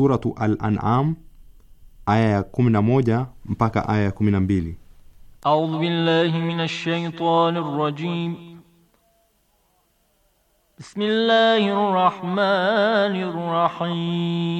Suratu Al-An'am aya ya 11 mpaka aya ya 12. A'udhu billahi minash shaitanir rajim. Bismillahir rahmanir rahim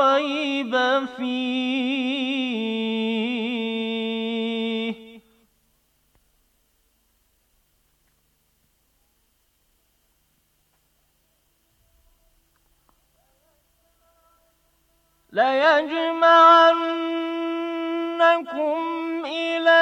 ليجمعنكم إلى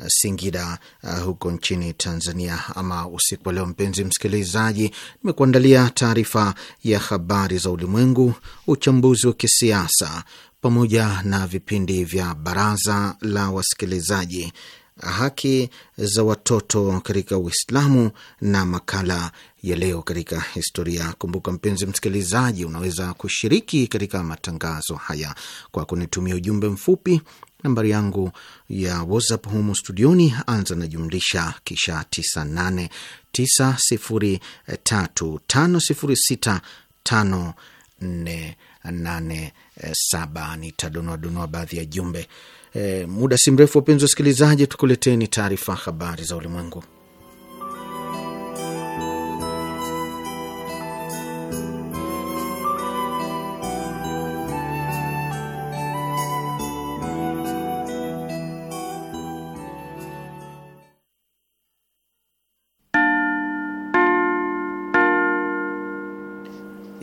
Uh, Singida uh, huko nchini Tanzania. Ama usiku wa leo, mpenzi msikilizaji, nimekuandalia taarifa ya habari za ulimwengu, uchambuzi wa kisiasa, pamoja na vipindi vya baraza la wasikilizaji, haki za watoto katika Uislamu na makala ya leo katika historia. Kumbuka mpenzi msikilizaji, unaweza kushiriki katika matangazo haya kwa kunitumia ujumbe mfupi. Nambari yangu ya WhatsApp humu studioni, anza na jumlisha kisha 989035065487. Nitadonoa donoa baadhi ya jumbe e, muda si mrefu. Wapenzi wasikilizaji, tukuleteni taarifa habari za ulimwengu.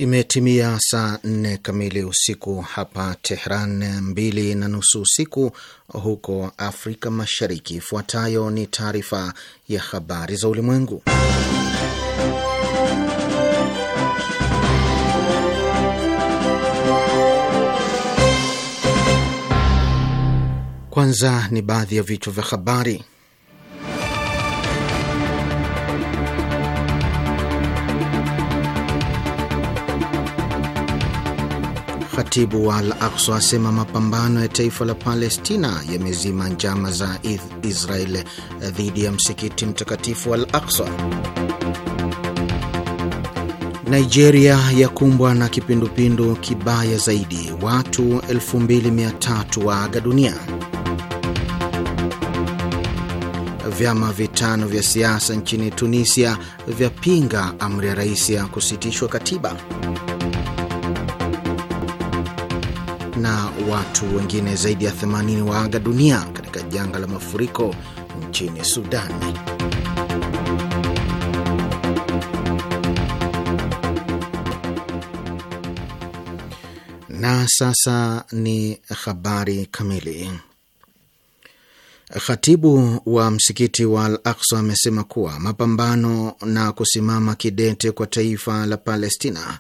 Imetimia saa nne kamili usiku hapa Tehran, mbili na nusu usiku huko Afrika Mashariki. Ifuatayo ni taarifa ya habari za ulimwengu, kwanza ni baadhi ya vichwa vya habari. Khatibu wa Al Aksa asema mapambano ya taifa la Palestina yamezima njama za Israel dhidi ya msikiti mtakatifu wa Al Aksa. Nigeria yakumbwa na kipindupindu kibaya zaidi, watu 2300 waaga dunia. Vyama vitano vya siasa nchini Tunisia vyapinga amri ya rais ya kusitishwa katiba. na watu wengine zaidi ya 80 waaga dunia katika janga la mafuriko nchini Sudan. Na sasa ni habari kamili. Khatibu wa msikiti wa Al Aksa amesema kuwa mapambano na kusimama kidete kwa taifa la Palestina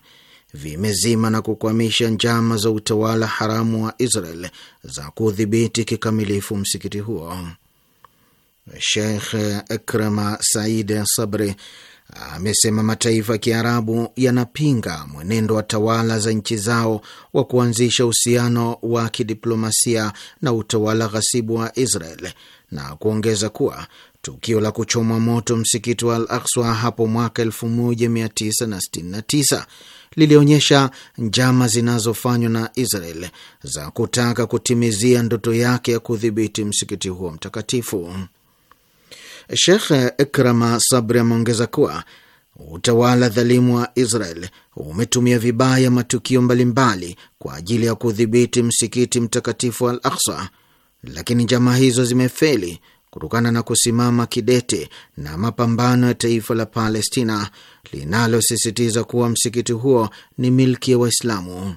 vimezima na kukwamisha njama za utawala haramu wa Israel za kudhibiti kikamilifu msikiti huo. Sheikh Ekrema Said Sabri amesema mataifa ya Kiarabu yanapinga mwenendo wa tawala za nchi zao wa kuanzisha uhusiano wa kidiplomasia na utawala ghasibu wa Israel na kuongeza kuwa tukio la kuchomwa moto msikiti wa Al Akswa hapo mwaka 1969 lilionyesha njama zinazofanywa na Israel za kutaka kutimizia ndoto yake ya kudhibiti msikiti huo mtakatifu. Shekh Ikrama Sabri ameongeza kuwa utawala dhalimu wa Israel umetumia vibaya matukio mbalimbali kwa ajili ya kudhibiti msikiti mtakatifu Al Aksa, lakini njama hizo zimefeli kutokana na kusimama kidete na mapambano ya taifa la Palestina linalosisitiza kuwa msikiti huo ni milki ya wa Waislamu.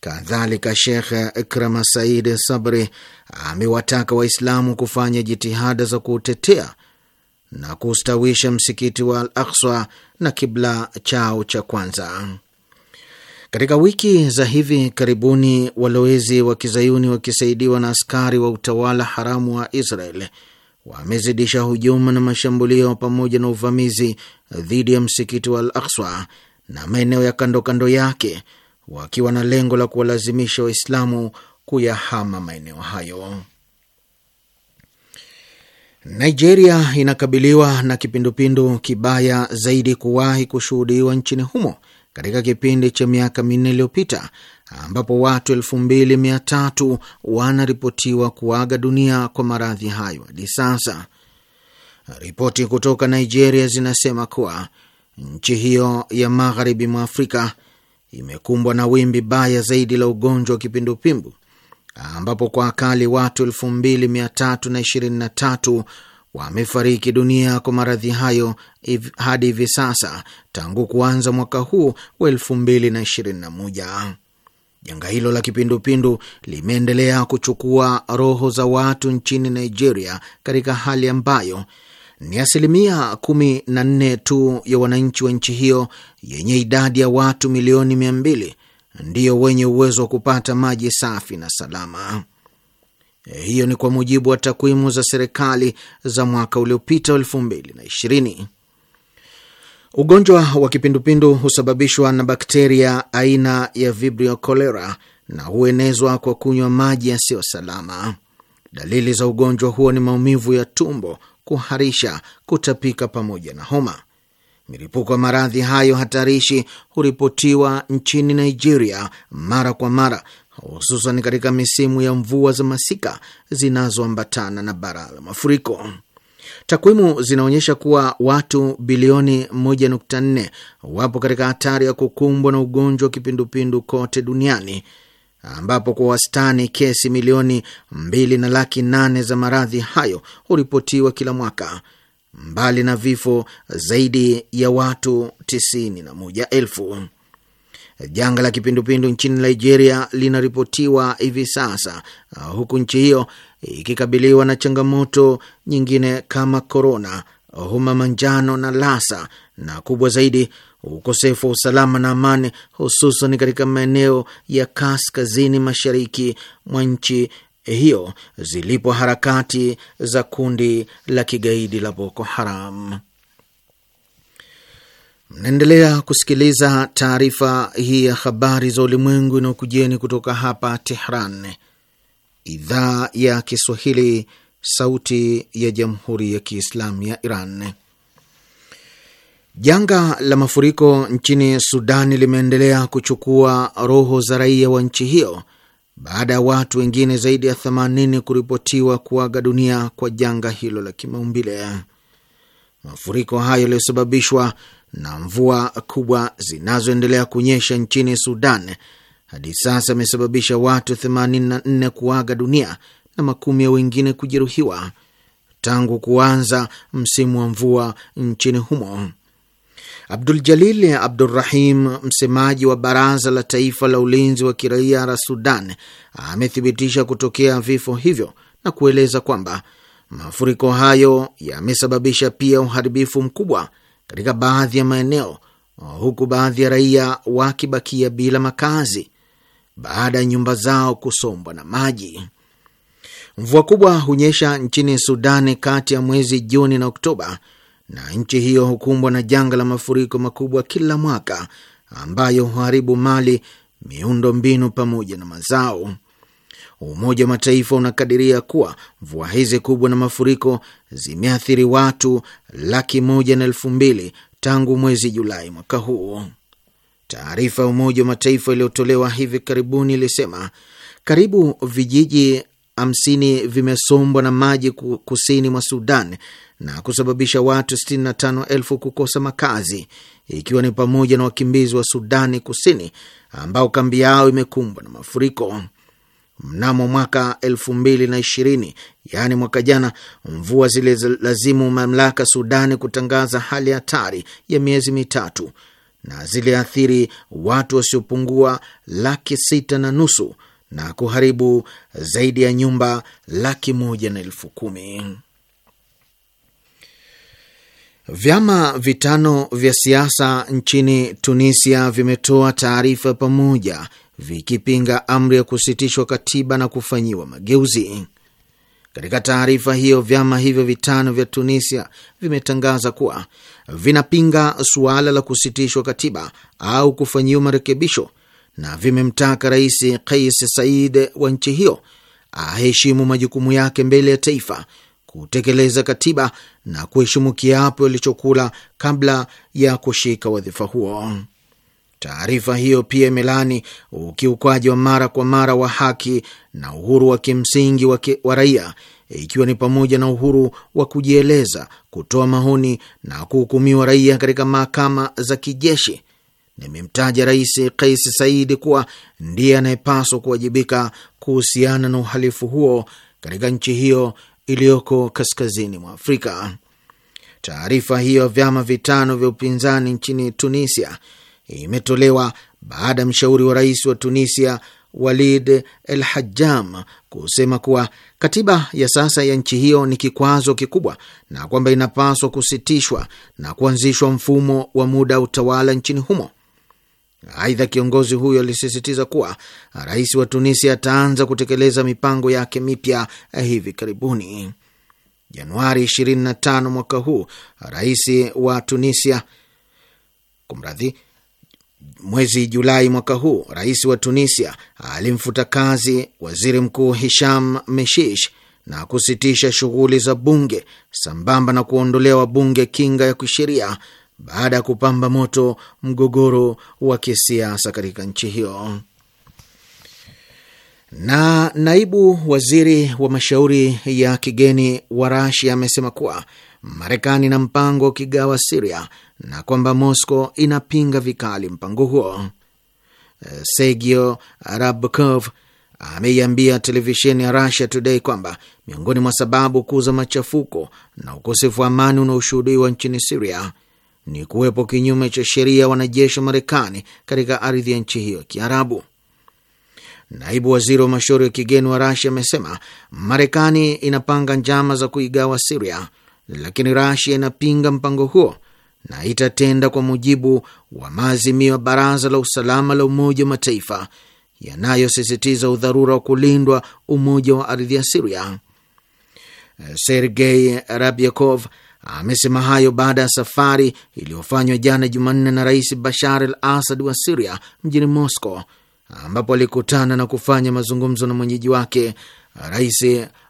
Kadhalika, Shekh Ikrama Said Sabri amewataka Waislamu kufanya jitihada za kuutetea na kustawisha msikiti wa Al Akswa na kibla chao cha kwanza. Katika wiki za hivi karibuni, walowezi wa kizayuni wakisaidiwa na askari wa utawala haramu wa Israel wamezidisha hujuma na mashambulio pamoja na uvamizi dhidi ya msikiti wa Al Akswa na maeneo ya kando kando yake, wakiwa na lengo la kuwalazimisha Waislamu kuyahama maeneo hayo. Nigeria inakabiliwa na kipindupindu kibaya zaidi kuwahi kushuhudiwa nchini humo katika kipindi cha miaka minne iliyopita ambapo watu elfu mbili mia tatu wanaripotiwa kuaga dunia kwa maradhi hayo hadi sasa. Ripoti kutoka Nigeria zinasema kuwa nchi hiyo ya magharibi mwa Afrika imekumbwa na wimbi baya zaidi la ugonjwa wa kipindupindu ambapo kwa akali watu elfu mbili mia tatu na ishirini na tatu wamefariki dunia kwa maradhi hayo hadi hivi sasa tangu kuanza mwaka huu wa elfu mbili na ishirini na moja. Janga hilo la kipindupindu limeendelea kuchukua roho za watu nchini Nigeria katika hali ambayo ni asilimia kumi na nne tu ya wananchi wa nchi hiyo yenye idadi ya watu milioni mia mbili ndiyo wenye uwezo wa kupata maji safi na salama. Eh, hiyo ni kwa mujibu wa takwimu za serikali za mwaka uliopita elfu mbili na ishirini. Ugonjwa wa kipindupindu husababishwa na bakteria aina ya Vibrio cholera na huenezwa kwa kunywa maji yasiyo salama. Dalili za ugonjwa huo ni maumivu ya tumbo, kuharisha, kutapika pamoja na homa. Milipuko ya maradhi hayo hatarishi huripotiwa nchini Nigeria mara kwa mara hususan katika misimu ya mvua za masika zinazoambatana na bara la mafuriko. Takwimu zinaonyesha kuwa watu bilioni 1.4 wapo katika hatari ya kukumbwa na ugonjwa wa kipindupindu kote duniani, ambapo kwa wastani kesi milioni mbili na laki nane za maradhi hayo huripotiwa kila mwaka, mbali na vifo zaidi ya watu 91 elfu. Janga la kipindupindu nchini Nigeria linaripotiwa hivi sasa, uh, huku nchi hiyo ikikabiliwa na changamoto nyingine kama korona, homa manjano na Lassa, na kubwa zaidi, ukosefu wa usalama na amani, hususan katika maeneo ya kaskazini mashariki mwa nchi hiyo zilipo harakati za kundi la kigaidi la Boko Haram. Mnaendelea kusikiliza taarifa hii ya habari za ulimwengu inayokujieni kutoka hapa Tehran, idhaa ya Kiswahili, sauti ya jamhuri ya kiislamu ya Iran. Janga la mafuriko nchini Sudani limeendelea kuchukua roho za raia wa nchi hiyo baada ya watu wengine zaidi ya 80 kuripotiwa kuaga dunia kwa janga hilo la kimaumbile. Mafuriko hayo yaliyosababishwa na mvua kubwa zinazoendelea kunyesha nchini Sudan hadi sasa imesababisha watu 84 kuaga dunia na makumi ya wengine kujeruhiwa tangu kuanza msimu wa mvua nchini humo. Abdul Jalil Abdurrahim, msemaji wa Baraza la Taifa la Ulinzi wa Kiraia la Sudan, amethibitisha kutokea vifo hivyo na kueleza kwamba mafuriko hayo yamesababisha pia uharibifu mkubwa katika baadhi ya maeneo, huku baadhi ya raia wakibakia bila makazi baada ya nyumba zao kusombwa na maji. Mvua kubwa hunyesha nchini Sudani kati ya mwezi Juni na Oktoba, na nchi hiyo hukumbwa na janga la mafuriko makubwa kila mwaka ambayo huharibu mali, miundo mbinu pamoja na mazao. Umoja wa Mataifa unakadiria kuwa mvua hizi kubwa na mafuriko zimeathiri watu laki moja na elfu mbili tangu mwezi Julai mwaka huu. Taarifa ya Umoja wa Mataifa iliyotolewa hivi karibuni ilisema karibu vijiji hamsini vimesombwa na maji kusini mwa Sudan na kusababisha watu 65,000 kukosa makazi ikiwa ni pamoja na wakimbizi wa Sudani Kusini ambao kambi yao imekumbwa na mafuriko. Mnamo mwaka elfu mbili na ishirini, yaani mwaka jana, mvua zililazimu mamlaka Sudani kutangaza hali hatari ya miezi mitatu na ziliathiri watu wasiopungua laki sita na nusu na kuharibu zaidi ya nyumba laki moja na elfu kumi. Vyama vitano vya siasa nchini Tunisia vimetoa taarifa pamoja vikipinga amri ya kusitishwa katiba na kufanyiwa mageuzi. Katika taarifa hiyo, vyama hivyo vitano vya Tunisia vimetangaza kuwa vinapinga suala la kusitishwa katiba au kufanyiwa marekebisho na vimemtaka Rais Kais Said wa nchi hiyo aheshimu majukumu yake mbele ya taifa, kutekeleza katiba na kuheshimu kiapo alichokula kabla ya kushika wadhifa huo. Taarifa hiyo pia imelaani ukiukwaji wa mara kwa mara wa haki na uhuru wa kimsingi wa, ki, wa raia ikiwa ni pamoja na uhuru wa kujieleza, kutoa maoni na kuhukumiwa raia katika mahakama za kijeshi. Nimemtaja Rais Kais Saidi kuwa ndiye anayepaswa kuwajibika kuhusiana na uhalifu huo katika nchi hiyo iliyoko kaskazini mwa Afrika. Taarifa hiyo ya vyama vitano vya upinzani nchini Tunisia imetolewa baada ya mshauri wa rais wa Tunisia Walid El hajam kusema kuwa katiba ya sasa ya nchi hiyo ni kikwazo kikubwa na kwamba inapaswa kusitishwa na kuanzishwa mfumo wa muda utawala nchini humo. Aidha, kiongozi huyo alisisitiza kuwa rais wa Tunisia ataanza kutekeleza mipango yake mipya hivi karibuni. Januari 25 mwaka huu rais wa Tunisia kumradhi Mwezi Julai mwaka huu rais wa Tunisia alimfuta kazi waziri mkuu Hisham Meshish na kusitisha shughuli za bunge sambamba na kuondolea bunge kinga ya kisheria baada ya kupamba moto mgogoro wa kisiasa katika nchi hiyo. Na naibu waziri wa mashauri ya kigeni wa Rasia amesema kuwa Marekani na mpango wa kigawa Siria na kwamba Moscow inapinga vikali mpango huo. Eh, Sergio Rabkov ameiambia televisheni ya Russia Today kwamba miongoni mwa sababu kuu za machafuko na ukosefu wa amani unaoshuhudiwa nchini Siria ni kuwepo kinyume cha sheria wanajeshi wa Marekani katika ardhi ya nchi hiyo ya Kiarabu. Naibu waziri wa mashauri ya kigeni wa Rasia amesema Marekani inapanga njama za kuigawa Siria, lakini Rasia inapinga mpango huo na itatenda kwa mujibu wa maazimio ya Baraza la Usalama la Umoja wa Mataifa yanayosisitiza udharura wa kulindwa umoja wa ardhi ya Siria. Sergei Rabyakov amesema hayo baada ya safari iliyofanywa jana Jumanne na Rais Bashar al Asad wa Siria mjini Moscow, ambapo alikutana na kufanya mazungumzo na mwenyeji wake Rais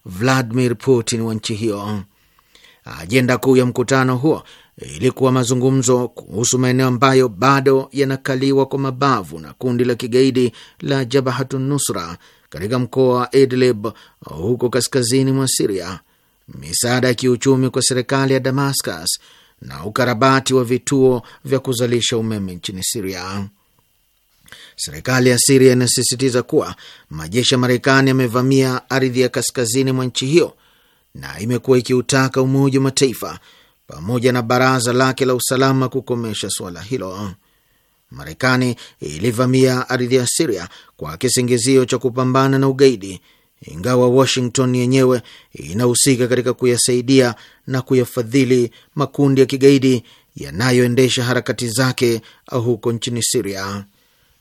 Vladimir Putin wa nchi hiyo. Ajenda kuu ya mkutano huo ilikuwa mazungumzo kuhusu maeneo ambayo bado yanakaliwa kwa mabavu na kundi la kigaidi la Jabahatun Nusra katika mkoa wa Idlib huko kaskazini mwa Siria, misaada ya kiuchumi kwa serikali ya Damascus na ukarabati wa vituo vya kuzalisha umeme nchini Siria. Serikali ya Siria inasisitiza kuwa majeshi ya Marekani yamevamia ardhi ya kaskazini mwa nchi hiyo na imekuwa ikiutaka Umoja wa Mataifa pamoja na baraza lake la usalama kukomesha suala hilo. Marekani ilivamia ardhi ya Siria kwa kisingizio cha kupambana na ugaidi, ingawa Washington yenyewe inahusika katika kuyasaidia na kuyafadhili makundi ya kigaidi yanayoendesha harakati zake huko nchini Siria.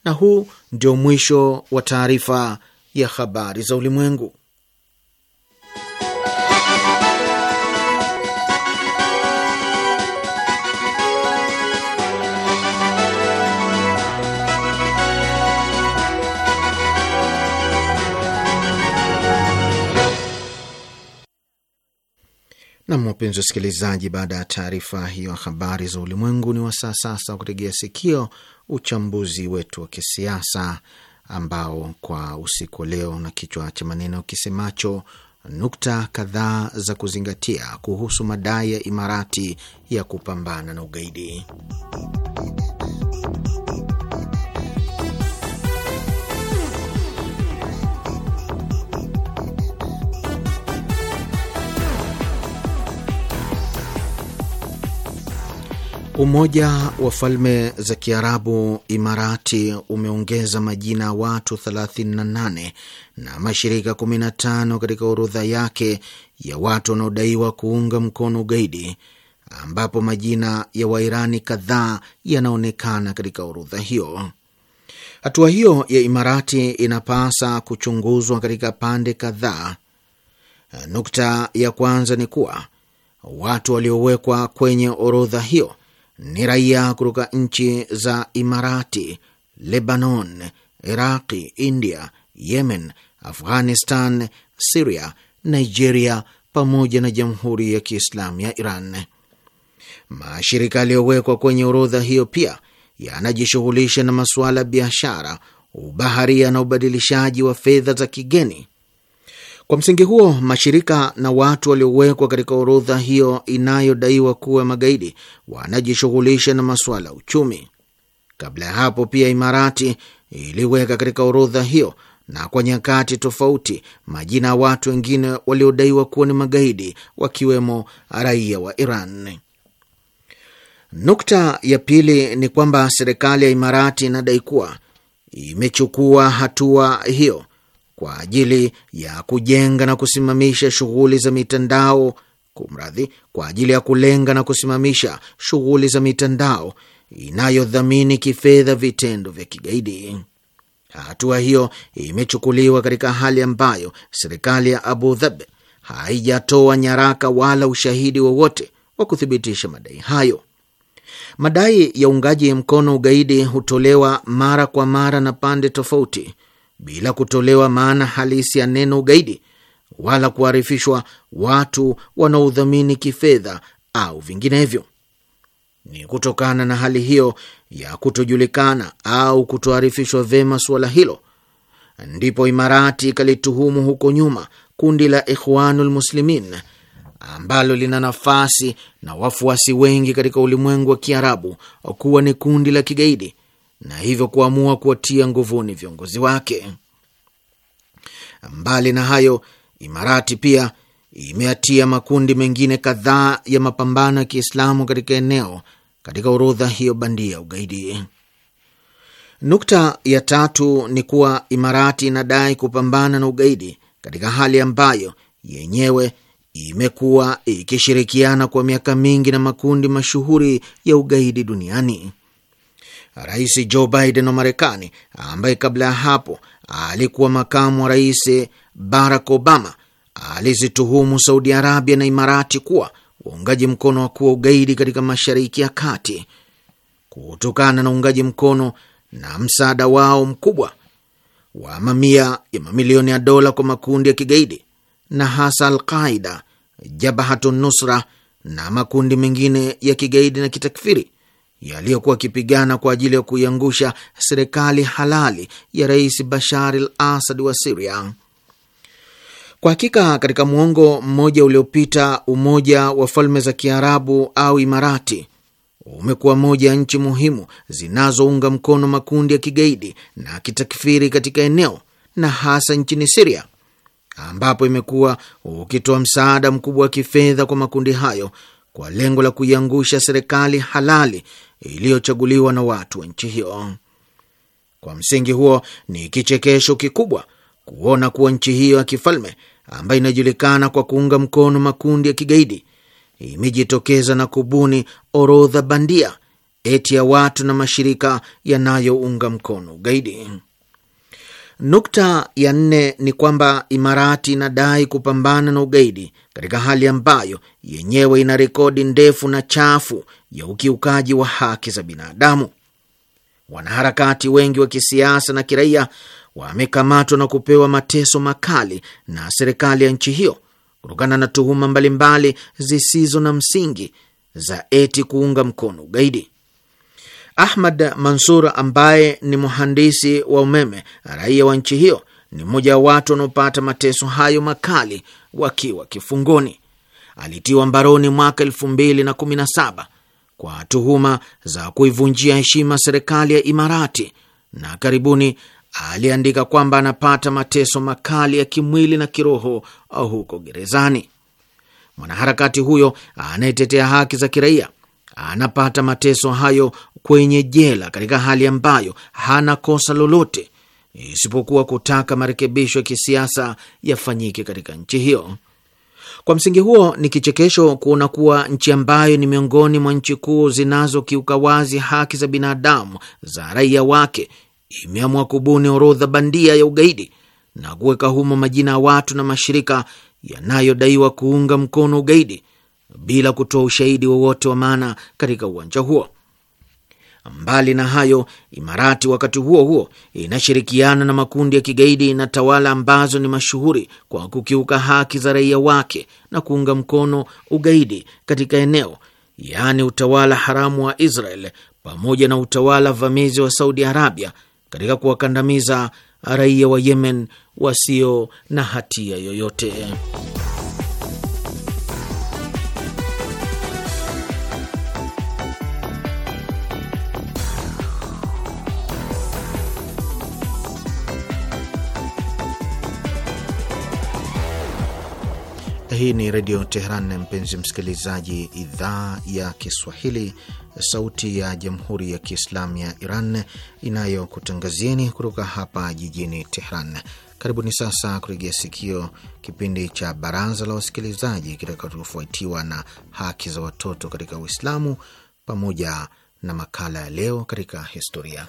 Na huu ndio mwisho wa taarifa ya habari za ulimwengu. Nam, wapenzi wasikilizaji, baada ya taarifa hiyo habari za ulimwengu, ni wasaa sasa wa kutegea sikio uchambuzi wetu wa kisiasa ambao kwa usiku wa leo na kichwa cha maneno kisemacho nukta kadhaa za kuzingatia kuhusu madai ya Imarati ya kupambana na ugaidi. Umoja wa Falme za Kiarabu Imarati umeongeza majina ya watu 38 na mashirika 15 katika orodha yake ya watu wanaodaiwa kuunga mkono ugaidi, ambapo majina ya Wairani kadhaa yanaonekana katika orodha hiyo. Hatua hiyo ya Imarati inapasa kuchunguzwa katika pande kadhaa. Nukta ya kwanza ni kuwa watu waliowekwa kwenye orodha hiyo ni raia kutoka nchi za Imarati, Lebanon, Iraqi, India, Yemen, Afghanistan, Siria, Nigeria pamoja na Jamhuri ya Kiislamu ya Iran. Mashirika yaliyowekwa kwenye orodha hiyo pia yanajishughulisha na masuala ya biashara, ubaharia na ubadilishaji wa fedha za kigeni. Kwa msingi huo, mashirika na watu waliowekwa katika orodha hiyo inayodaiwa kuwa magaidi wanajishughulisha na masuala ya uchumi. Kabla ya hapo pia, Imarati iliweka katika orodha hiyo na kwa nyakati tofauti majina ya watu wengine waliodaiwa kuwa ni magaidi wakiwemo raia wa Iran. Nukta ya pili ni kwamba serikali ya Imarati inadai kuwa imechukua hatua hiyo kwa ajili ya kujenga na kusimamisha shughuli za mitandao kumradhi, kwa ajili ya kulenga na kusimamisha shughuli za mitandao inayodhamini kifedha vitendo vya kigaidi. Hatua hiyo imechukuliwa katika hali ambayo serikali ya Abu Dhabi haijatoa nyaraka wala ushahidi wowote wa, wa kuthibitisha madai hayo. Madai ya uungaji mkono ugaidi hutolewa mara kwa mara na pande tofauti bila kutolewa maana halisi ya neno ugaidi wala kuharifishwa watu wanaodhamini kifedha au vinginevyo. Ni kutokana na hali hiyo ya kutojulikana au kutoarifishwa vyema suala hilo ndipo Imarati ikalituhumu huko nyuma kundi la Ikhwanul Muslimin ambalo lina nafasi na wafuasi wengi katika ulimwengu wa Kiarabu kuwa ni kundi la kigaidi na hivyo kuamua kuwatia nguvuni viongozi wake. Mbali na hayo, Imarati pia imeatia makundi mengine kadhaa ya mapambano ya Kiislamu katika eneo katika orodha hiyo bandia ya ugaidi. Nukta ya tatu ni kuwa Imarati inadai kupambana na ugaidi katika hali ambayo yenyewe imekuwa ikishirikiana kwa miaka mingi na makundi mashuhuri ya ugaidi duniani. Rais Joe Biden wa Marekani, ambaye kabla ya hapo alikuwa makamu wa rais Barack Obama, alizituhumu Saudi Arabia na Imarati kuwa waungaji mkono wa kuwa ugaidi katika Mashariki ya Kati kutokana na uungaji mkono na msaada wao mkubwa wa mamia ya mamilioni ya dola kwa makundi ya kigaidi na hasa Alqaida, Jabhatun Nusra na makundi mengine ya kigaidi na kitakfiri yaliyokuwa akipigana kwa ajili ya kuiangusha serikali halali ya Rais Bashar al Asad wa Siria. Kwa hakika katika mwongo mmoja uliopita, Umoja wa Falme za Kiarabu au Imarati umekuwa moja ya nchi muhimu zinazounga mkono makundi ya kigaidi na kitakfiri katika eneo na hasa nchini Siria, ambapo imekuwa ukitoa msaada mkubwa wa kifedha kwa makundi hayo kwa lengo la kuiangusha serikali halali iliyochaguliwa na watu wa nchi hiyo. Kwa msingi huo, ni kichekesho kikubwa kuona kuwa nchi hiyo ya kifalme ambayo inajulikana kwa kuunga mkono makundi ya kigaidi imejitokeza na kubuni orodha bandia eti ya watu na mashirika yanayounga mkono ugaidi. Nukta ya nne ni kwamba Imarati inadai kupambana na ugaidi katika hali ambayo yenyewe ina rekodi ndefu na chafu ya ukiukaji wa haki za binadamu. Wanaharakati wengi wa kisiasa na kiraia wamekamatwa na kupewa mateso makali na serikali ya nchi hiyo kutokana na tuhuma mbalimbali zisizo na msingi za eti kuunga mkono ugaidi. Ahmad Mansur ambaye ni mhandisi wa umeme raia wa nchi hiyo ni mmoja wa watu wanaopata mateso hayo makali wakiwa kifungoni. Alitiwa mbaroni mwaka elfu mbili na kumi na saba kwa tuhuma za kuivunjia heshima serikali ya Imarati, na karibuni aliandika kwamba anapata mateso makali ya kimwili na kiroho huko gerezani. Mwanaharakati huyo anayetetea haki za kiraia anapata mateso hayo kwenye jela katika hali ambayo hana kosa lolote isipokuwa kutaka marekebisho ya kisiasa yafanyike katika nchi hiyo. Kwa msingi huo, ni kichekesho kuona kuwa nchi ambayo ni miongoni mwa nchi kuu zinazokiuka wazi haki za binadamu za raia wake imeamua kubuni orodha bandia ya ugaidi na kuweka humo majina ya watu na mashirika yanayodaiwa kuunga mkono ugaidi bila kutoa ushahidi wowote wa, wa maana katika uwanja huo. Mbali na hayo, Imarati wakati huo huo inashirikiana na makundi ya kigaidi na tawala ambazo ni mashuhuri kwa kukiuka haki za raia wake na kuunga mkono ugaidi katika eneo, yaani utawala haramu wa Israel pamoja na utawala vamizi wa Saudi Arabia katika kuwakandamiza raia wa Yemen wasio na hatia yoyote. Hii ni Redio Teheran, mpenzi msikilizaji, idhaa ya Kiswahili, sauti ya Jamhuri ya Kiislamu ya Iran inayokutangazieni kutoka hapa jijini Teheran. Karibuni sasa kurejea sikio kipindi cha Baraza la Wasikilizaji kitakachofuatiwa na Haki za Watoto katika Uislamu pamoja na makala ya Leo katika Historia.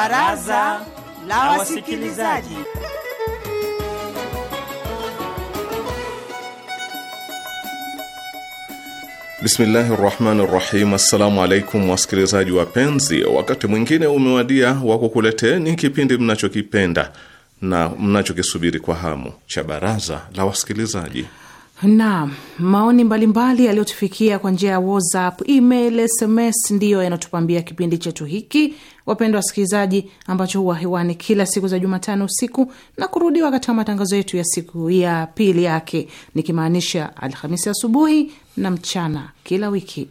Baraza la Wasikilizaji. Bismillahi rahmani rahim. Assalamu alaikum wasikilizaji wapenzi, wakati mwingine umewadia wa kukuleteni kipindi mnachokipenda na mnachokisubiri kwa hamu cha Baraza la Wasikilizaji. Naam, maoni mbalimbali yaliyotufikia kwa njia ya WhatsApp, email, SMS ndiyo yanatupambia kipindi chetu hiki, wapendwa wasikilizaji, ambacho huwa hewani kila siku za Jumatano usiku na kurudiwa katika matangazo yetu ya siku ya pili yake, nikimaanisha Alhamisi asubuhi na mchana kila wiki.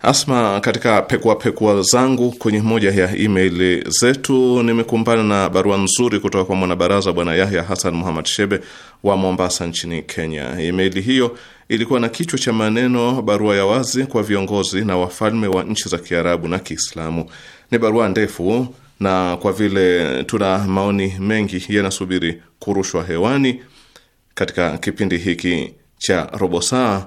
Asma, katika pekua pekua zangu kwenye moja ya email zetu nimekumbana na barua nzuri kutoka kwa mwanabaraza Bwana Yahya Hassan Muhammad Shebe wa Mombasa nchini Kenya. Email hiyo ilikuwa na kichwa cha maneno barua ya wazi kwa viongozi na wafalme wa nchi za Kiarabu na Kiislamu. Ni barua ndefu na kwa vile tuna maoni mengi yanasubiri kurushwa hewani katika kipindi hiki cha robo saa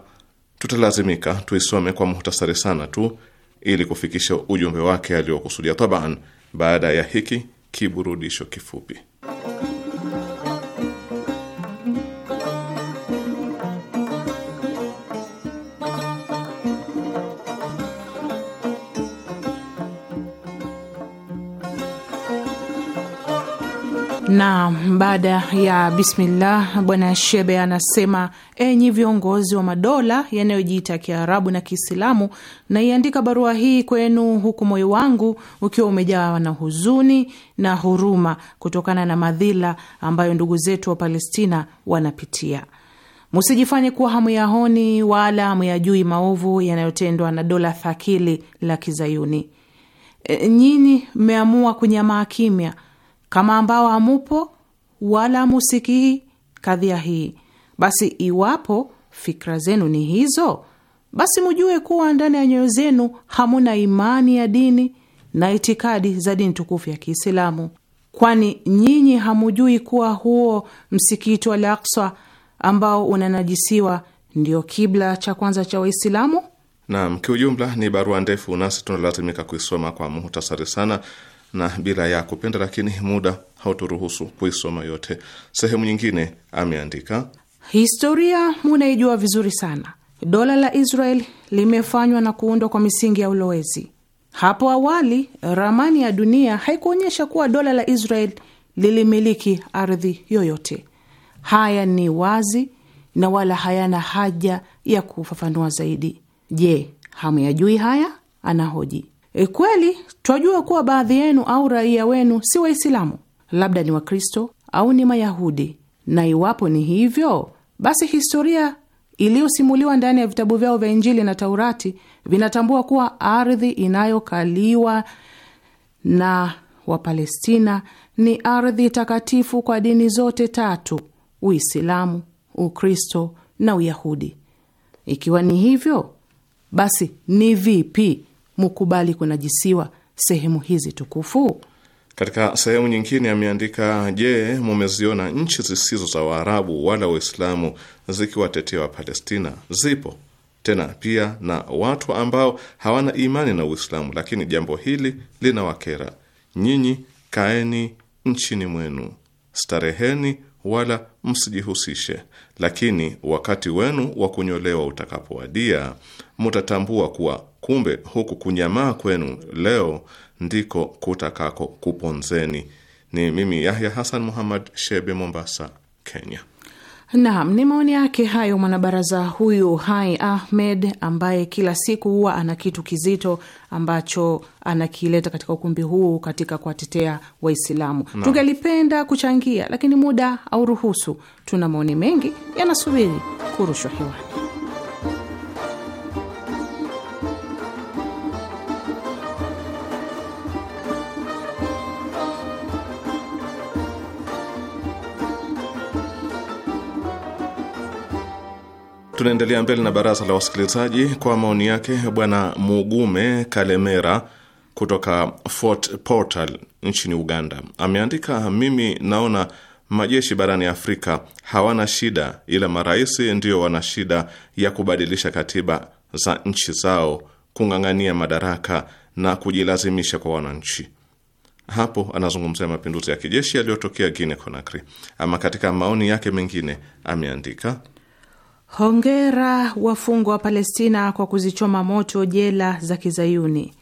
tutalazimika tuisome kwa muhtasari sana tu ili kufikisha ujumbe wake aliokusudia, tabaan, baada ya hiki kiburudisho kifupi. Na baada ya bismillah, Bwana Shebe anasema enyi viongozi wa madola yanayojiita Kiarabu na Kiislamu, naiandika barua hii kwenu huku moyo wangu ukiwa umejawa na huzuni na huruma kutokana na madhila ambayo ndugu zetu wa Palestina wanapitia. msijifanye kuwa hamuyaoni wala hamuyajui maovu yanayotendwa na dola thakili la Kizayuni. E, nyinyi mmeamua kunyamaa kimya kama ambao amupo wala musikii kadhia hii. Basi iwapo fikra zenu ni hizo, basi mujue kuwa ndani ya nyoyo zenu hamuna imani ya dini na itikadi za dini tukufu ya Kiislamu, kwani nyinyi hamujui kuwa huo msikiti wa Al-Aqsa ambao unanajisiwa ndio kibla cha kwanza cha Waislamu. Naam, kiujumla ni barua ndefu, nasi tunalazimika kuisoma kwa muhtasari sana, na bila ya kupenda, lakini muda hauturuhusu kuisoma yote. Sehemu nyingine ameandika, historia munaijua vizuri sana. Dola la Israel limefanywa na kuundwa kwa misingi ya ulowezi. Hapo awali ramani ya dunia haikuonyesha kuwa dola la Israel lilimiliki ardhi yoyote. Haya ni wazi na wala hayana haja ya kufafanua zaidi. Je, jui haya? Anahoji. E, kweli twajua kuwa baadhi yenu au raia wenu si Waislamu, labda ni Wakristo au ni Mayahudi, na iwapo ni hivyo, basi historia iliyosimuliwa ndani ya vitabu vyao vya Injili na Taurati vinatambua kuwa ardhi inayokaliwa na Wapalestina ni ardhi takatifu kwa dini zote tatu, Uislamu, Ukristo na Uyahudi. Ikiwa ni hivyo, basi ni vipi mukubali kunajisiwa sehemu hizi tukufu? Katika sehemu nyingine ameandika, je, mumeziona nchi zisizo za Waarabu wala Waislamu zikiwatetea Wapalestina? Zipo tena pia na watu ambao hawana imani na Uislamu, lakini jambo hili linawakera nyinyi. Kaeni nchini mwenu, stareheni wala msijihusishe. Lakini wakati wenu wa kunyolewa utakapowadia, mutatambua kuwa kumbe huku kunyamaa kwenu leo ndiko kutakako kuponzeni. Ni mimi Yahya Hassan Muhammad Shebe, Mombasa, Kenya. Naam, ni maoni yake hayo mwanabaraza huyu Hai Ahmed, ambaye kila siku huwa ana kitu kizito ambacho anakileta katika ukumbi huu katika kuwatetea Waislamu. Tungelipenda kuchangia, lakini muda ruhusu Tuna maoni mengi yanasubiri kurushwa hewani. Tunaendelea mbele na baraza la wasikilizaji kwa maoni yake Bwana Mugume Kalemera kutoka Fort Portal nchini Uganda. Ameandika, mimi naona majeshi barani Afrika hawana shida, ila marais ndio wana shida ya kubadilisha katiba za nchi zao, kung'ang'ania madaraka na kujilazimisha kwa wananchi. Hapo anazungumzia mapinduzi ya kijeshi yaliyotokea Guinea Conakry. Ama katika maoni yake mengine ameandika Hongera wafungwa wa Palestina kwa kuzichoma moto jela za Kizayuni.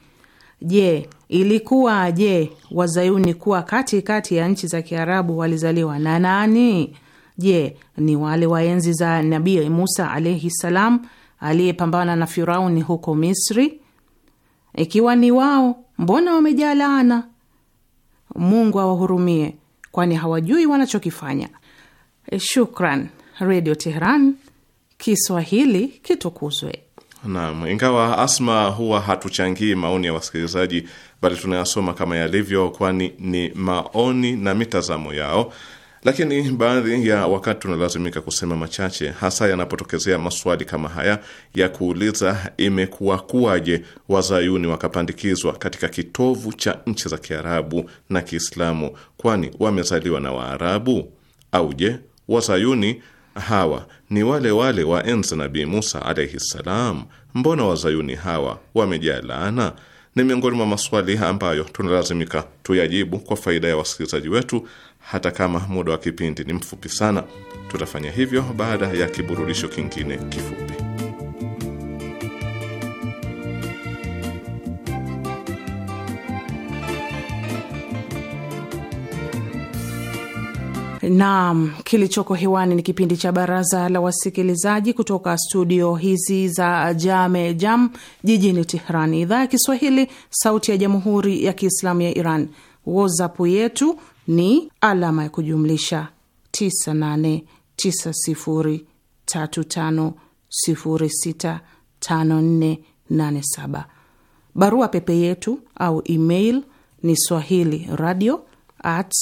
Je, ilikuwa je wazayuni kuwa kati kati ya nchi za Kiarabu walizaliwa na nani? Je, ni wale wa enzi za Nabii Musa alaihi salam aliyepambana na Firauni huko Misri? Ikiwa ni wao, mbona wamejaa laana? Mungu awahurumie, kwani hawajui wanachokifanya. Shukran, Radio Tehran Kiswahili kitukuzwe. Naam, ingawa Asma, huwa hatuchangii maoni ya wasikilizaji, bali tunayasoma kama yalivyo, kwani ni maoni na mitazamo yao, lakini baadhi ya wakati tunalazimika kusema machache, hasa yanapotokezea maswali kama haya ya kuuliza imekuwa kuwaje wazayuni wakapandikizwa katika kitovu cha nchi za Kiarabu na Kiislamu, kwani wamezaliwa na Waarabu au je, wazayuni hawa ni wale wale wa enzi Nabii Musa alaihi ssalam. Mbona wazayuni hawa wamejalana? Ni miongoni mwa maswali ambayo tunalazimika tuyajibu kwa faida ya wasikilizaji wetu, hata kama muda wa kipindi ni mfupi sana. Tutafanya hivyo baada ya kiburudisho kingine kifupi. Naam, kilichoko hewani ni kipindi cha Baraza la Wasikilizaji kutoka studio hizi za Jame Jam jijini tehran idhaa ya Kiswahili, sauti ya Jamhuri ya Kiislamu ya Iran. WhatsApp yetu ni alama ya kujumlisha 989035065487. Barua pepe yetu au email ni swahili radio at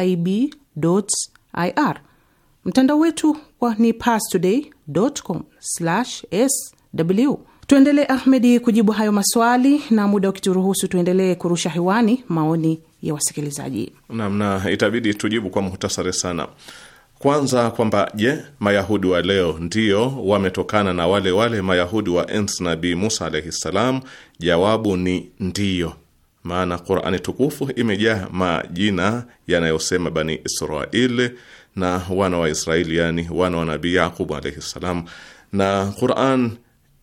irib.ir. Mtandao wetu wa ni pastoday.com/sw. Tuendelee Ahmedi kujibu hayo maswali, na muda ukituruhusu, tuendelee kurusha hewani maoni ya wasikilizaji. Namna itabidi tujibu kwa muhtasari sana. Kwanza kwamba je, Mayahudi wa leo ndiyo wametokana na wale wale Mayahudi wa ens Nabii Musa alaihi ssalam? Jawabu ni ndiyo maana Qur'ani tukufu imejaa majina yanayosema Bani Israil na wana wa Israili, yani wana wa Nabii Yaqub alayhi na Qur'an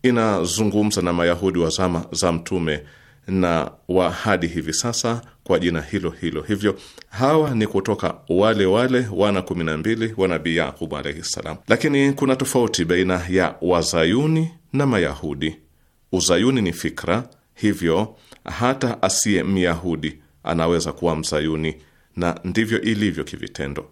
inazungumza na Mayahudi wa zama za mtume na wa hadi hivi sasa kwa jina hilo hilo. Hivyo hawa ni kutoka wale wale wana kumi na mbili wa Nabii Yaqub alaihi ssalam. Lakini kuna tofauti baina ya Wazayuni na Mayahudi. Uzayuni ni fikra, hivyo hata asiye Myahudi anaweza kuwa msayuni na ndivyo ilivyo kivitendo.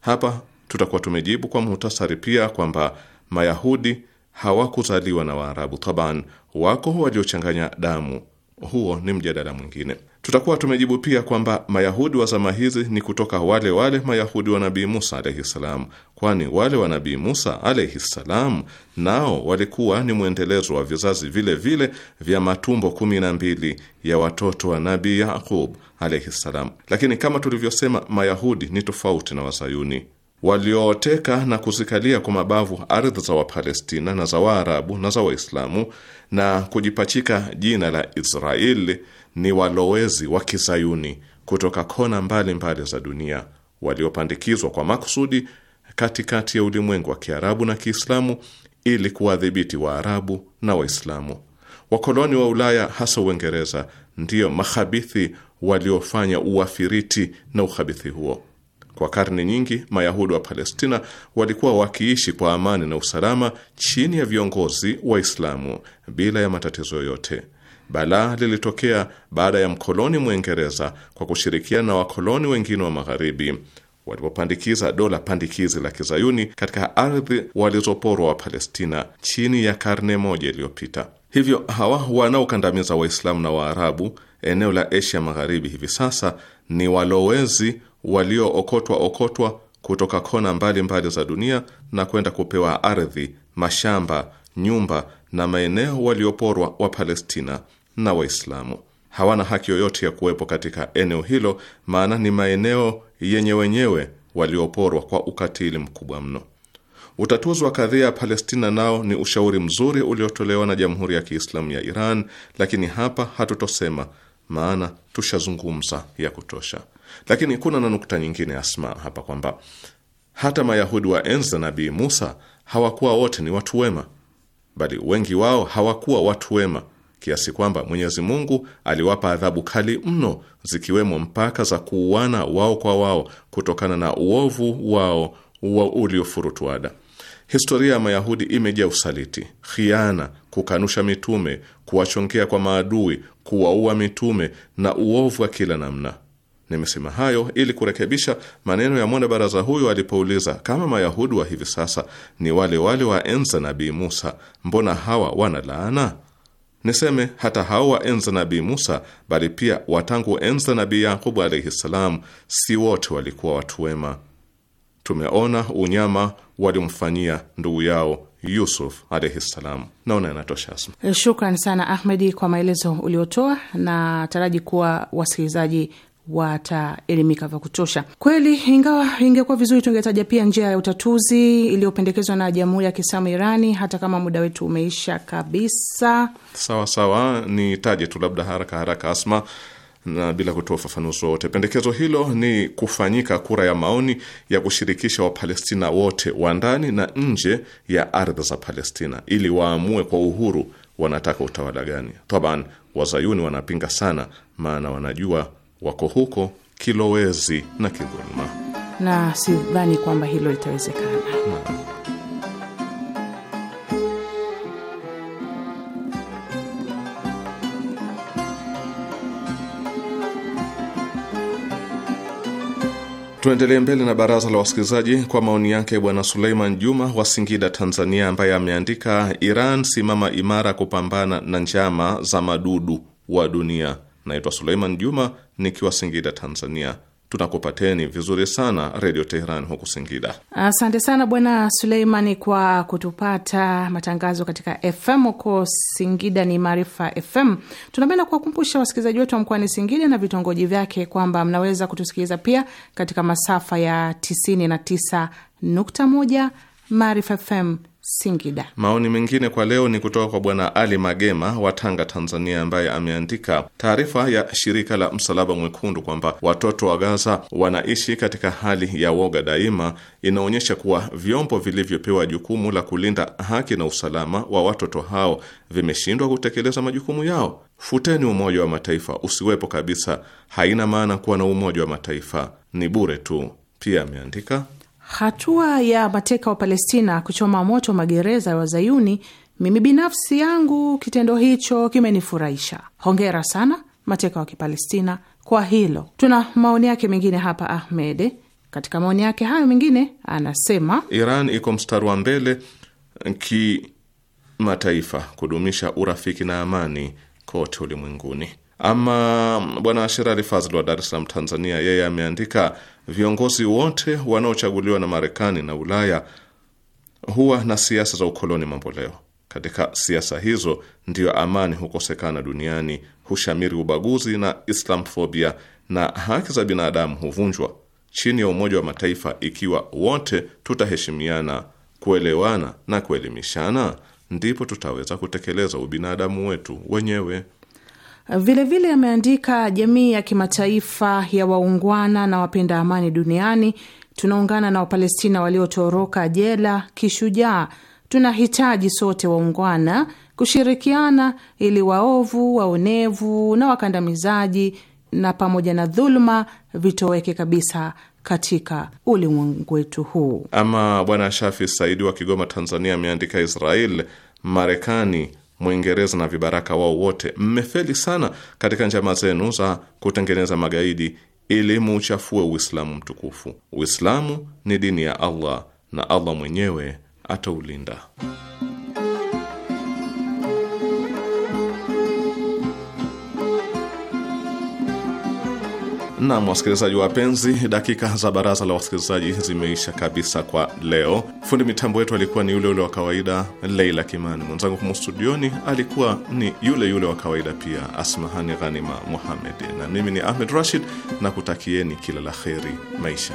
Hapa tutakuwa tumejibu kwa muhtasari pia kwamba Mayahudi hawakuzaliwa na Waarabu taban, wako waliochanganya damu. Huo ni mjadala mwingine. Tutakuwa tumejibu pia kwamba Mayahudi wa zama hizi ni kutoka wale wale Mayahudi wa Nabii Musa alaihi salam, kwani wale wa Nabii Musa alaihi salam nao walikuwa ni mwendelezo wa vizazi vile vile vya matumbo kumi na mbili ya watoto wa Nabii Yaqub alaihi salam. Lakini kama tulivyosema, Mayahudi ni tofauti na Wazayuni waliooteka na kuzikalia kwa mabavu ardhi za Wapalestina na za Waarabu na za Waislamu na kujipachika jina la Israeli ni walowezi wa kisayuni kutoka kona mbalimbali mbali za dunia waliopandikizwa kwa makusudi katikati ya ulimwengu wa Kiarabu na Kiislamu ili kuwadhibiti Waarabu na Waislamu. Wakoloni wa Ulaya, hasa Uingereza, ndiyo makhabithi waliofanya uafiriti na ukhabithi huo. Kwa karne nyingi Mayahudi wa Palestina walikuwa wakiishi kwa amani na usalama chini ya viongozi Waislamu bila ya matatizo yoyote. Balaa lilitokea baada ya mkoloni Mwingereza kwa kushirikiana na wakoloni wengine wa Magharibi walipopandikiza dola pandikizi la kizayuni katika ardhi walizoporwa wa Palestina chini ya karne moja iliyopita. Hivyo hawa wanaokandamiza Waislamu na Waarabu eneo la Asia Magharibi hivi sasa ni walowezi waliookotwa okotwa kutoka kona mbalimbali mbali za dunia na kwenda kupewa ardhi, mashamba, nyumba na maeneo walioporwa wa Palestina na Waislamu hawana haki yoyote ya kuwepo katika eneo hilo, maana ni maeneo yenye wenyewe walioporwa kwa ukatili mkubwa mno. Utatuzi wa kadhia ya Palestina nao ni ushauri mzuri uliotolewa na Jamhuri ya Kiislamu ya Iran, lakini hapa hatutosema, maana tushazungumza ya kutosha. Lakini kuna na nukta nyingine asma hapa kwamba hata Mayahudi wa enzi za Nabii Musa hawakuwa wote ni watu wema, bali wengi wao hawakuwa watu wema kiasi kwamba Mwenyezi Mungu aliwapa adhabu kali mno, zikiwemo mpaka za kuuana wao kwa wao kutokana na uovu wao wa uliofurutuada. Historia ya Mayahudi imejaa usaliti, khiana, kukanusha mitume, kuwachongea kwa maadui, kuwaua mitume na uovu wa kila namna. Nimesema hayo ili kurekebisha maneno ya mwana baraza huyo alipouliza kama Mayahudi wa hivi sasa ni wale wale wa enza Nabii Musa, mbona hawa wana laana? Niseme hata hao wa enza Nabii Musa, bali pia watangu enza Nabii Yakubu alaihi ssalam, si wote walikuwa watu wema. Tumeona unyama walimfanyia ndugu yao Yusuf alaihi ssalam. Naona inatosha Asma. Shukran sana Ahmedi kwa maelezo uliotoa, na taraji kuwa wasikilizaji wataelimika vya kutosha kweli. Ingawa ingekuwa vizuri tungetaja pia njia ya utatuzi iliyopendekezwa na Jamhuri ya Kiislamu Irani, hata kama muda wetu umeisha kabisa. Sawa sawa, nitaje tu labda haraka haraka, Asma, na bila kutoa ufafanuzi wowote, pendekezo hilo ni kufanyika kura ya maoni ya kushirikisha Wapalestina wote wa ndani na nje ya ardhi za Palestina ili waamue kwa uhuru wanataka utawala gani. Taban, wazayuni wanapinga sana, maana wanajua wako huko kilowezi na kidhuluma, na sidhani kwamba hilo litawezekana. Tuendelee mbele na baraza la wasikilizaji kwa maoni yake Bwana Suleiman Juma wa Singida, Tanzania, ambaye ameandika: Iran simama imara kupambana na njama za madudu wa dunia. Naitwa Suleiman Juma nikiwa Singida, Tanzania. Tunakupateni vizuri sana Redio Teheran huku Singida. Asante sana Bwana Suleimani kwa kutupata matangazo katika FM huko Singida ni Maarifa FM. Tunapenda kuwakumbusha wasikilizaji wetu wa mkoani Singida na vitongoji vyake kwamba mnaweza kutusikiliza pia katika masafa ya 99.1 Maarifa FM Singida. Maoni mengine kwa leo ni kutoka kwa Bwana Ali Magema wa Tanga, Tanzania, ambaye ameandika taarifa ya shirika la Msalaba Mwekundu kwamba watoto wa Gaza wanaishi katika hali ya woga daima, inaonyesha kuwa vyombo vilivyopewa jukumu la kulinda haki na usalama wa watoto hao vimeshindwa kutekeleza majukumu yao. Futeni Umoja wa Mataifa, usiwepo kabisa. Haina maana kuwa na Umoja wa Mataifa, ni bure tu. Pia ameandika Hatua ya mateka wa Palestina kuchoma moto magereza ya Wazayuni, mimi binafsi yangu kitendo hicho kimenifurahisha. Hongera sana mateka wa Kipalestina kwa hilo. Tuna maoni yake mengine hapa, Ahmed. Katika maoni yake hayo mengine anasema, Iran iko mstari wa mbele kimataifa kudumisha urafiki na amani kote ulimwenguni. Ama bwana Shirali Fazl wa Dar es Salaam, Tanzania, yeye ameandika, viongozi wote wanaochaguliwa na Marekani na Ulaya huwa na siasa za ukoloni mamboleo Katika siasa hizo ndiyo amani hukosekana duniani, hushamiri ubaguzi na Islamfobia, na haki za binadamu huvunjwa. Chini ya Umoja wa Mataifa, ikiwa wote tutaheshimiana, kuelewana na kuelimishana, ndipo tutaweza kutekeleza ubinadamu wetu wenyewe. Vilevile ameandika jamii ya kimataifa ya waungwana na wapenda amani duniani, tunaungana na Wapalestina waliotoroka jela kishujaa. Tunahitaji sote waungwana kushirikiana ili waovu, waonevu na wakandamizaji na pamoja na dhuluma vitoweke kabisa katika ulimwengu wetu huu. Ama Bwana Shafi Saidi wa Kigoma, Tanzania, ameandika Israel, Marekani Mwingereza na vibaraka wao wote, mmefeli sana katika njama zenu za kutengeneza magaidi ili muuchafue Uislamu mtukufu. Uislamu ni dini ya Allah na Allah mwenyewe ataulinda. Na wasikilizaji wapenzi, dakika za baraza la wasikilizaji zimeisha kabisa kwa leo. Fundi mitambo yetu alikuwa ni yule yule wa kawaida Leila Kimani, mwenzangu humu studioni alikuwa ni yule yule wa kawaida pia Asmahani Ghanima Muhammed, na mimi ni Ahmed Rashid na kutakieni kila la kheri maisha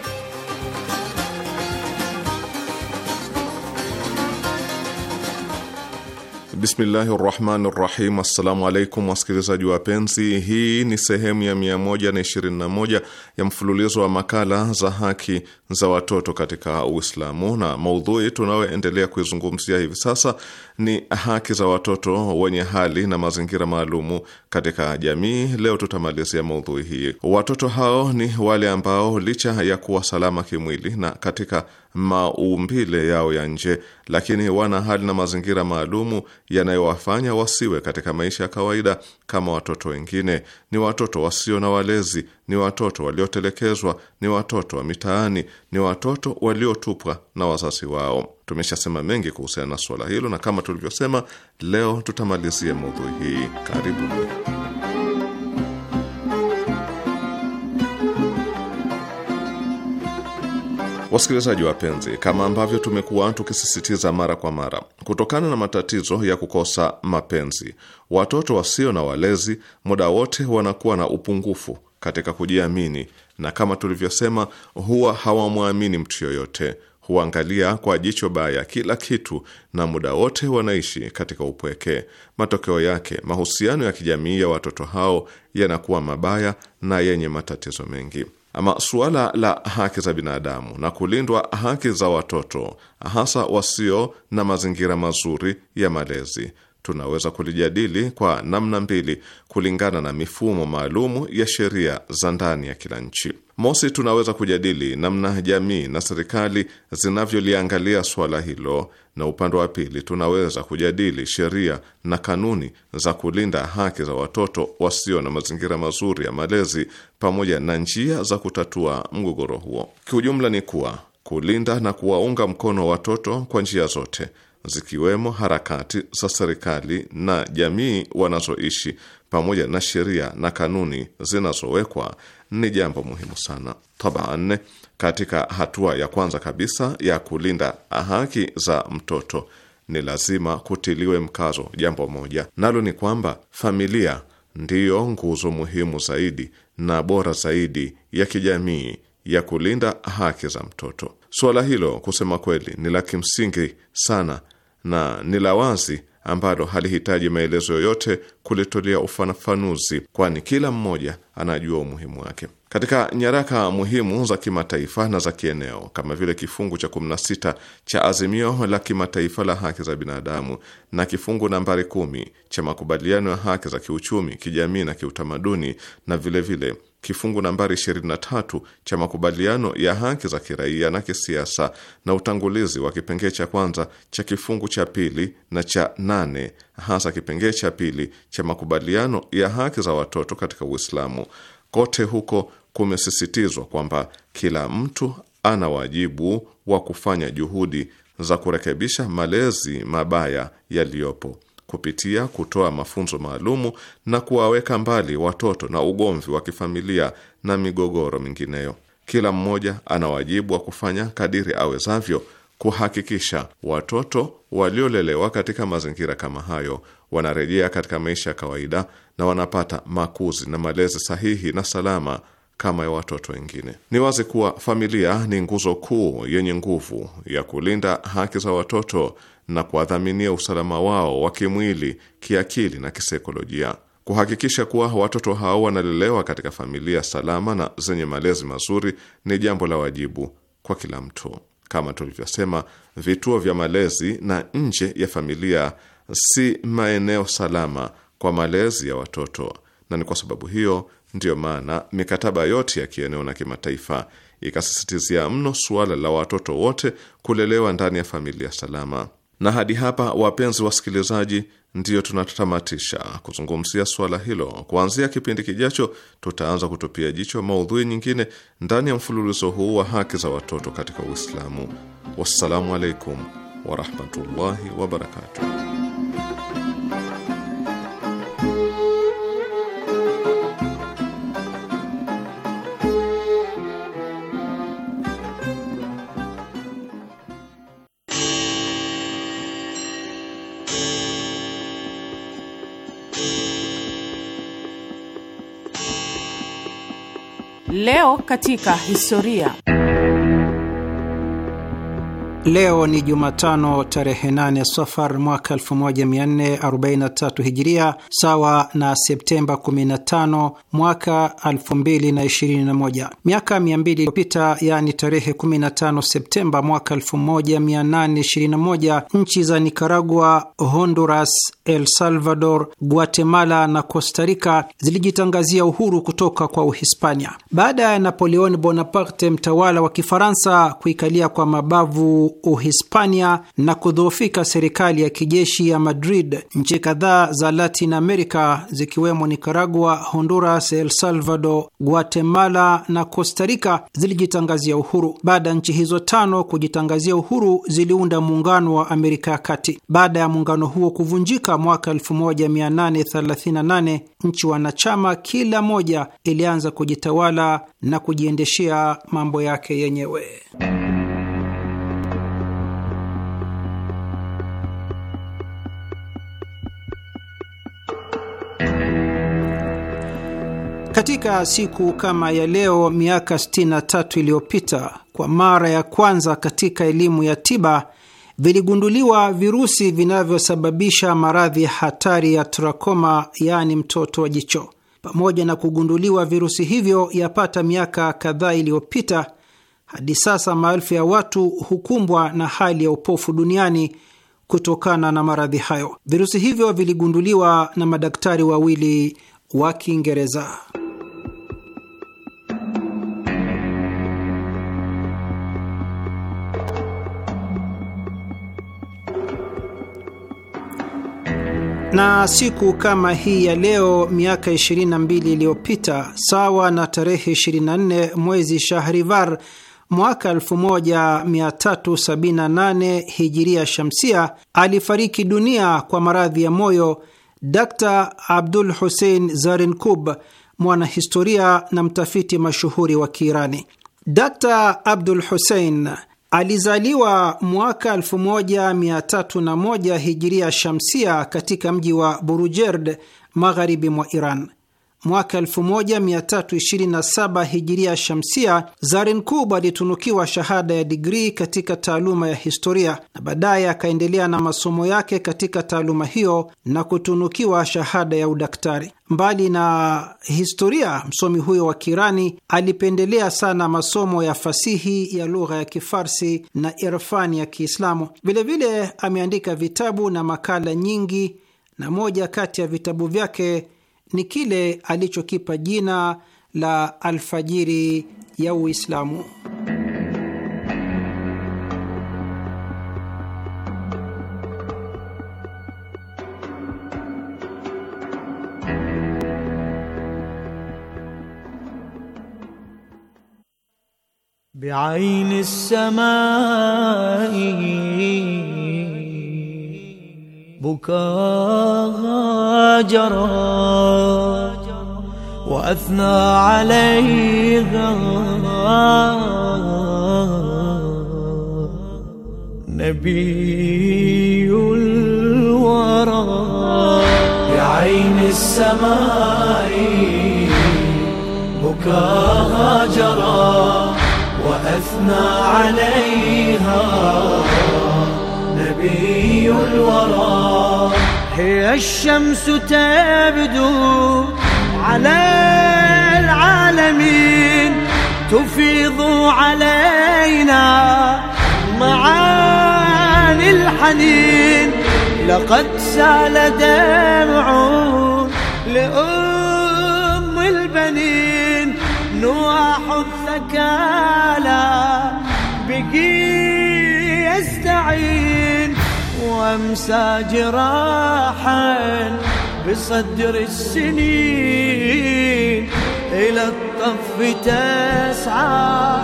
Bismillahi rahmani rahim. Assalamu alaikum wasikilizaji wapenzi, hii ni sehemu ya 121 ya mfululizo wa makala za haki za watoto katika Uislamu, na maudhui tunayoendelea kuizungumzia hivi sasa ni haki za watoto wenye hali na mazingira maalumu katika jamii. Leo tutamalizia maudhui hii. Watoto hao ni wale ambao licha ya kuwa salama kimwili na katika maumbile yao ya nje, lakini wana hali na mazingira maalumu yanayowafanya wasiwe katika maisha ya kawaida kama watoto wengine. Ni watoto wasio na walezi, ni watoto waliotelekezwa, ni watoto wa mitaani, ni watoto waliotupwa na wazazi wao. Tumeshasema mengi kuhusiana na suala hilo, na kama tulivyosema, leo tutamalizia maudhui hii. Karibuni. Wasikilizaji wapenzi, kama ambavyo tumekuwa tukisisitiza mara kwa mara, kutokana na matatizo ya kukosa mapenzi, watoto wasio na walezi muda wote wanakuwa na upungufu katika kujiamini, na kama tulivyosema, huwa hawamwamini mtu yoyote, huangalia kwa jicho baya kila kitu, na muda wote wanaishi katika upweke. Matokeo yake, mahusiano ya kijamii ya watoto hao yanakuwa mabaya na yenye matatizo mengi. Ama suala la haki za binadamu na kulindwa haki za watoto hasa wasio na mazingira mazuri ya malezi tunaweza kulijadili kwa namna mbili kulingana na mifumo maalumu ya sheria za ndani ya kila nchi. Mosi, tunaweza kujadili namna jamii na serikali zinavyoliangalia suala hilo, na upande wa pili tunaweza kujadili sheria na kanuni za kulinda haki za watoto wasio na mazingira mazuri ya malezi pamoja na njia za kutatua mgogoro huo. Kiujumla ni kuwa kulinda na kuwaunga mkono watoto kwa njia zote zikiwemo harakati za serikali na jamii wanazoishi pamoja na sheria na kanuni zinazowekwa ni jambo muhimu sana. Taban, katika hatua ya kwanza kabisa ya kulinda haki za mtoto ni lazima kutiliwe mkazo jambo moja, nalo ni kwamba familia ndiyo nguzo muhimu zaidi na bora zaidi ya kijamii ya kulinda haki za mtoto. Suala hilo kusema kweli ni la kimsingi sana na ni la wazi ambalo halihitaji maelezo yoyote kulitolea ufafanuzi, kwani kila mmoja anajua umuhimu wake. Katika nyaraka muhimu za kimataifa na za kieneo kama vile kifungu cha 16 cha azimio la kimataifa la haki za binadamu na kifungu nambari kumi cha makubaliano ya haki za kiuchumi, kijamii na kiutamaduni na vilevile vile kifungu nambari 23 cha makubaliano ya haki za kiraia na kisiasa na utangulizi wa kipengee cha kwanza cha kifungu cha pili na cha nane hasa kipengee cha pili cha makubaliano ya haki za watoto katika Uislamu. Kote huko kumesisitizwa kwamba kila mtu ana wajibu wa kufanya juhudi za kurekebisha malezi mabaya yaliyopo kupitia kutoa mafunzo maalumu na kuwaweka mbali watoto na ugomvi wa kifamilia na migogoro mingineyo. Kila mmoja ana wajibu wa kufanya kadiri awezavyo kuhakikisha watoto waliolelewa katika mazingira kama hayo wanarejea katika maisha ya kawaida na wanapata makuzi na malezi sahihi na salama kama ya watoto wengine. Ni wazi kuwa familia ni nguzo kuu yenye nguvu ya kulinda haki za watoto na kuwadhaminia usalama wao wa kimwili, kiakili na kisaikolojia, kuhakikisha kuwa watoto hao wanalelewa katika familia salama na zenye malezi mazuri ni jambo la wajibu kwa kila mtu. Kama tulivyosema, vituo vya malezi na nje ya familia si maeneo salama kwa malezi ya watoto, na ni kwa sababu hiyo ndiyo maana mikataba yote ya kieneo na kimataifa ikasisitizia mno suala la watoto wote kulelewa ndani ya familia salama. Na hadi hapa, wapenzi wasikilizaji, ndiyo tunatamatisha kuzungumzia suala hilo. Kuanzia kipindi kijacho, tutaanza kutupia jicho maudhui nyingine ndani ya mfululizo huu wa haki za watoto katika Uislamu. Wassalamu alaikum warahmatullahi wabarakatuh. Leo katika historia Leo ni Jumatano tarehe 8 Safar mwaka 1443 Hijiria, sawa na Septemba 15 mwaka 2021. Miaka 200 iliyopita, yaani tarehe 15 Septemba mwaka 1821, nchi za Nicaragua, Honduras, El Salvador, Guatemala na Costa Rica zilijitangazia uhuru kutoka kwa Uhispania baada ya Napoleon Bonaparte, mtawala wa Kifaransa, kuikalia kwa mabavu Uhispania na kudhoofika serikali ya kijeshi ya Madrid. Nchi kadhaa za Latin America zikiwemo Nicaragua, Honduras, el Salvador, Guatemala na Costa Rica zilijitangazia uhuru. Baada ya nchi hizo tano kujitangazia uhuru, ziliunda muungano wa Amerika ya Kati. Baada ya muungano huo kuvunjika mwaka 1838, nchi wanachama kila moja ilianza kujitawala na kujiendeshea mambo yake yenyewe. Katika siku kama ya leo miaka 63 iliyopita, kwa mara ya kwanza katika elimu ya tiba viligunduliwa virusi vinavyosababisha maradhi hatari ya trakoma, yaani mtoto wa jicho. Pamoja na kugunduliwa virusi hivyo yapata miaka kadhaa iliyopita, hadi sasa maelfu ya watu hukumbwa na hali ya upofu duniani kutokana na maradhi hayo. Virusi hivyo viligunduliwa na madaktari wawili wa Kiingereza. na siku kama hii ya leo miaka 22 iliyopita, sawa na tarehe 24 mwezi Shahrivar mwaka 1378 hijiria shamsia, alifariki dunia kwa maradhi ya moyo Dr Abdul Hussein Zarinkub, mwanahistoria na mtafiti mashuhuri wa Kiirani. Dr Abdul Hussein Alizaliwa mwaka 1301 hijiria shamsia katika mji wa Burujerd magharibi mwa Iran mwaka 1327 hijiria shamsia, Zarinkuba alitunukiwa shahada ya digrii katika taaluma ya historia na baadaye akaendelea na masomo yake katika taaluma hiyo na kutunukiwa shahada ya udaktari. Mbali na historia, msomi huyo wa Kirani alipendelea sana masomo ya fasihi ya lugha ya Kifarsi na irfani ya Kiislamu. Vilevile ameandika vitabu na makala nyingi, na moja kati ya vitabu vyake ni kile alichokipa jina la alfajiri ya Uislamu. Biaini samai بكاها جرى وأثنى عليها نبي الورى بعين السماء بكاها جرى وأثنى عليها نبي الورى هي الشمس تبدو على العالمين تفيض علينا معاني الحنين لقد سال دمع لأم البنين نواح الثكالى بك يستعين وامسى جراحا بصدر السنين إلى الطف تسعى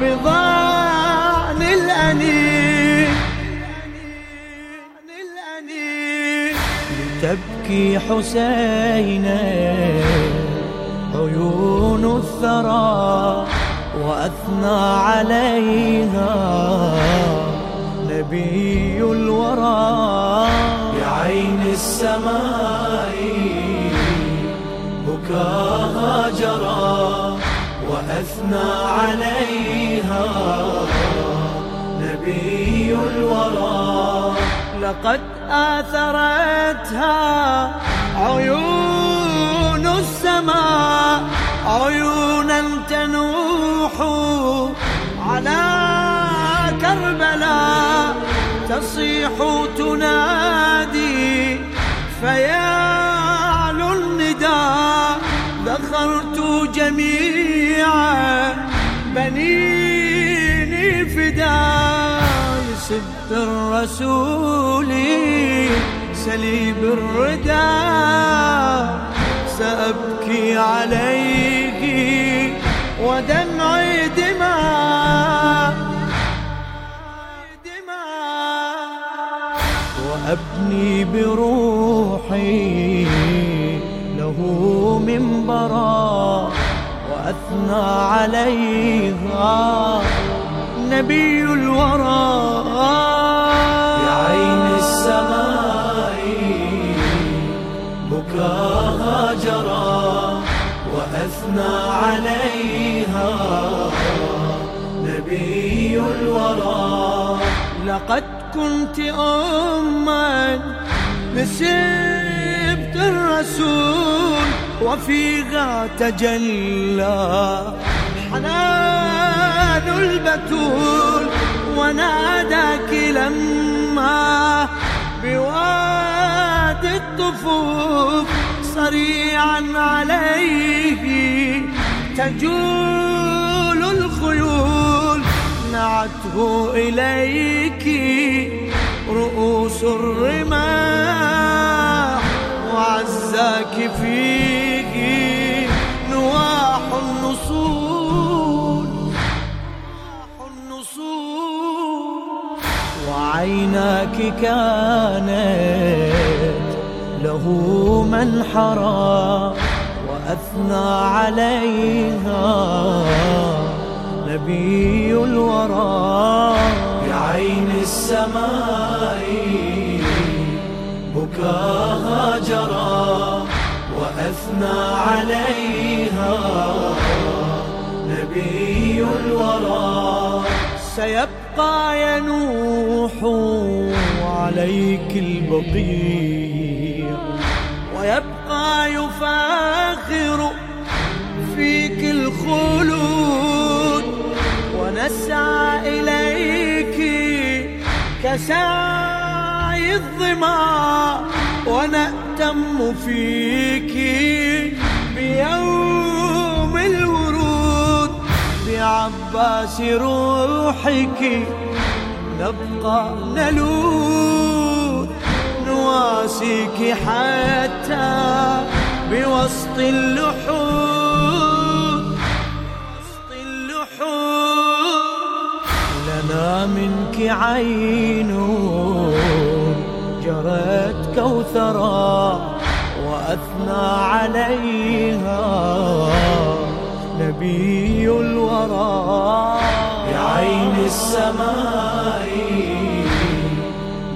بضان الأنين لتبكي حسينا عيون الثرى وأثنى عليها نبي الورى عين السماء بكاها جرى وأثنى عليها نبي الورى لقد آثرتها عيون السماء عيونا تنوح على كربلاء تصيح تنادي فيا النداء ذخرت جميعا بنيني فدا سبت الرسول سليب الردى سأبكي عليه ودمعي دي وأبني بروحي له منبرا وأثنى عليها نبي الورى بعين السماء بكاها جرى وأثنى عليها نبي الورى لقد كنت أما نسبت الرسول وفيها تجلى حنان البتول وناداك لما بواد الطفوف صريعا عليه تجول الخيول نعت تشكو إليك رؤوس الرماح وعزاك فيه نواح النصول وعيناك كانت له منحرا وأثنى عليها نبي الورى بعين السماء بكاها جرى وأثنى عليها نبي الورى سيبقى ينوح عليك البقيع ويبقى يفاخر تساعي الظما ونأتم فيك بيوم الورود بعباس روحك نبقى نلوذ نواسيك حتى بوسط اللحود منك عين جرت كوثرا وأثنى عليها نبي الورى بعين السماء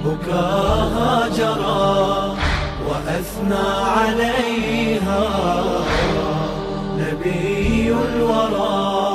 بكاها جرى وأثنى عليها نبي الورى